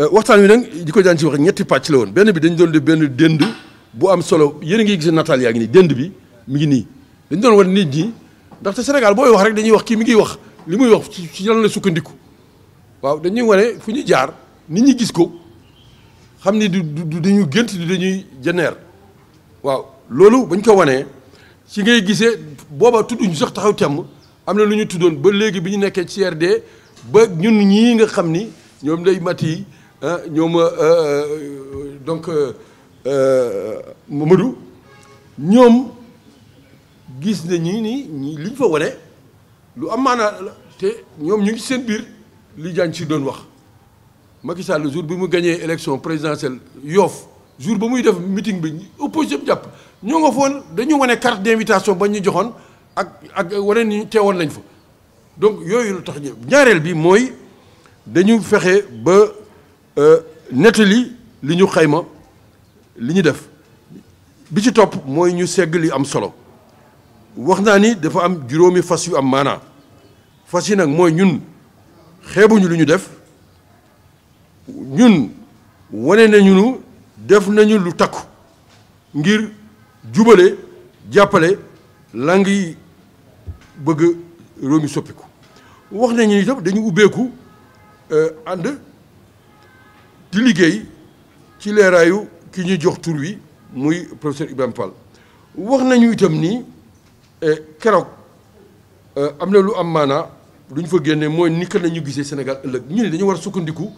Euh, waxtaan wi nag di ko daan ci wax ñetti pàcc la woon benn bi dañ doon def benn dënd bu am solo yéen a ngi gis nataal yaa ngi nii dënd bi mi ngi nii dañ doon wan nit ñi ndaxte Sénégal booy wax rek dañuy wax kii mi ngi wax li muy wax ci lan la sukkandiku waaw dañuy wane fu ñu jaar nit ñi gis ko xam ni du du dañu gént du dañuy jëneer waaw loolu bañ ko wanee si ngay gisee booba tudduñu sax taxaw temm am na lu ñu tuddoon ba léegi bi ñu nekkee ci de ba ñun ñii nga xam ni ñoom lay mat yi ah, ñoom ah, ah, donc Mamadou ñoom gis na ñi nii li ñu fa wane lu am maanaa la te ñoom ñu ngi seen biir li jaan ci doon wax Macky Sall jour bi mu gañee élection présidentielle Yoff jour ba muy def meeting bi opposition jàpp ñoo nga foon dañu wane carte d'invitation ba ñu joxoon ak ak wane ni teewoon nañ fa donc yooyu lu tax ñaareel bi mooy dañu fexe ba euh, nett li li ñu xayma li ñu def bi ci topp mooy ñu segg li am solo wax naa ni dafa am juróomi fas yu am maanaa fas yi nag mooy ñun xeebuñu li ñu def ñun wane nañu def nañu lu takku ngir jubale jàppale langue yi bëgg réew mi soppiku wax nañu itam dañu ubbeeku euh, ànd di liggéey ci leeraayu ki ñuy jox tur wi muy professeur Ibrahima Fall wax nañu itam ni euh, keroog euh, am na lu am maana lu ñu fa génne mooy nika nañu gisee Sénégal ëllëg ñu ne dañu war a sukkandiku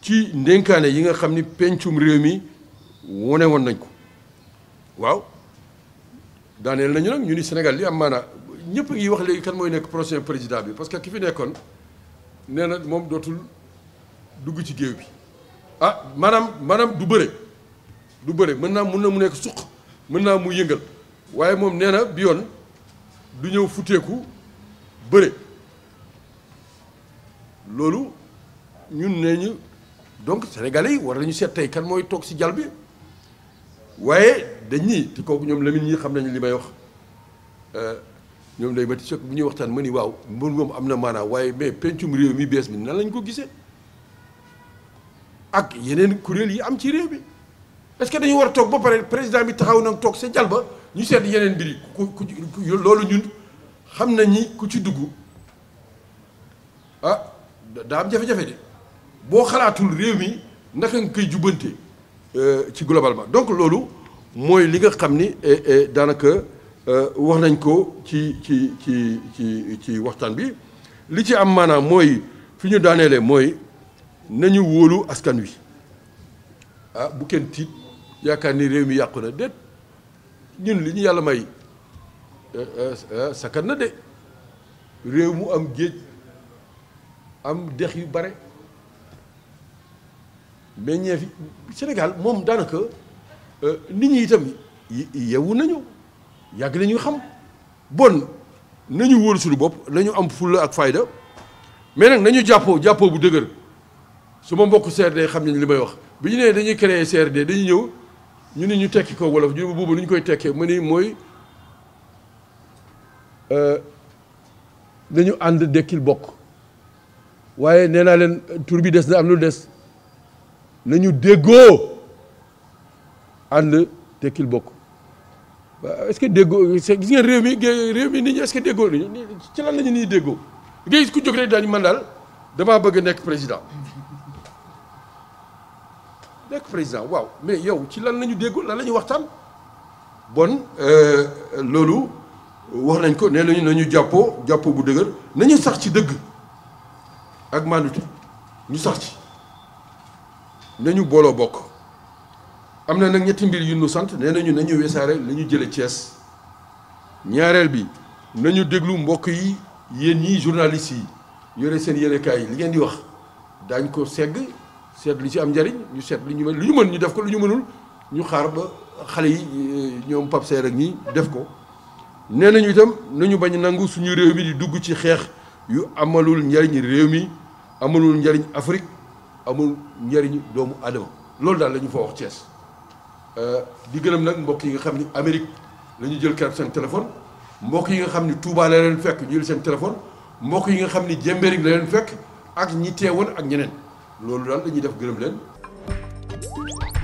ci ndénkaane yi nga xam ni pencum réew mi wone woon nañ ko waaw daaneel nañu nag ñu ni Sénégal li am maanaa ñëpp ngi wax léegi kan mooy nekk prochain président bi parce que ki fi nekkoon nee na moom dootul dugg ci géew bi ah maanaam maanaam du bëre du bëre mën naa mun na mu nekk suq mën naa mu yëngal waaye moom nee na bi yoon du ñëw futeeku bëre loolu ñun nee ñu donc sénégalais yi war nañu seet tey kan mooy toog ci jal bi waaye dañ ñii te kooku ñoom Lamine ñi xam nañu li may wax euh, ñoom day métti choc bu ñuy waxtaan ma ni waaw mën moom am na maanaam waaye mais pencum réew mi bees mi nan lañ ko gisee ak yeneen kuréel yi am ci réew mi est-ce que dañu war a toog ba pare président bi taxaw na toog sa jal ba ñu seet yeneen bi yi ku ku loolu ñun xam nañ ni ku ci dugg ah daa am jafe-jafe de boo xalaatul réew mi naka nga koy jubbante euh, ci globalement donc loolu mooy li nga xam ni daanaka. Euh, wax nañ ko ci ci ci ci ci waxtaan bi li ci am maanaam mooy fi ñu daaneele mooy nañu wóolu askan wi a ah, bu kenn tiit yaakaar ni réew mi yàqu na déet ñun li ñu yàlla may euh, euh, sakkan na de réew mu am géej am dex yu bare mais ñee fi moom daanaka nit ñi itam yewu nañu yàgg la xam bon nañu wóolu suñu bopp nañu am fulla ak fayda mais nag nañu jàppoo jàppoo bu dëgër su ma mbokk CRD xam nañ li may wax bi ñu nee dañuy créer CRD dañuy ñëw ñu ni ñu tekki ko wolof ñu ne boobu ni ñu koy tekkee mu ni mooy euh, nañu ànd dékkil bokk waaye nee naa leen tur bi des na am lu des nañu déggoo ànd dekkil bokk est ce que déggoo gis ngeen réew mi réew mi nit ñi est ce que déggoo ci lan la ñu nii déggoo ngay ku jóg rek daañu man daal damaa bëgg nekk président nekk président waaw mais yow ci lan la ñu déggoo lan la ñu waxtaan bon euh, loolu wax nañ ko nee nañu nañu jàppoo jàppoo bu dëgër nañu sax ci dëgg ak maanute ñu sax ci nañu booloo bokk am na nag ñetti mbir yu nu sant nee nañu nañu wesaare la ñu jële Thiès ñaareel bi nañu déglu mbokk yi yéen ñii journalistes yi yore seen yéenekaay yi li ngeen di wax daañ ko segg seet li ci am njariñ ñu seet li ñu mën lu ñu mën ñu def ko lu ñu mënul ñu xaar ba xale yi euh, ñoom Pape Seye ak ñi def ko nee nañu itam nañu bañ nangu suñu réew mi di dugg ci xeex yu amalul njariñ réew mi amalul njariñ Afrique amul njariñ doomu Adama loolu daal lañu ñu fa wax Thiès Euh, di gërëm nag mbokk yi nga xam ni Amérique la ñu jël keroog seen téléphone mbokk yi nga xam ni Touba la leen fekk ñu jël seen téléphone mbokk yi nga xam ni Jemberig la leen fekk ak ñi teewoon ak ñeneen loolu daal lañuy def gërëm leen.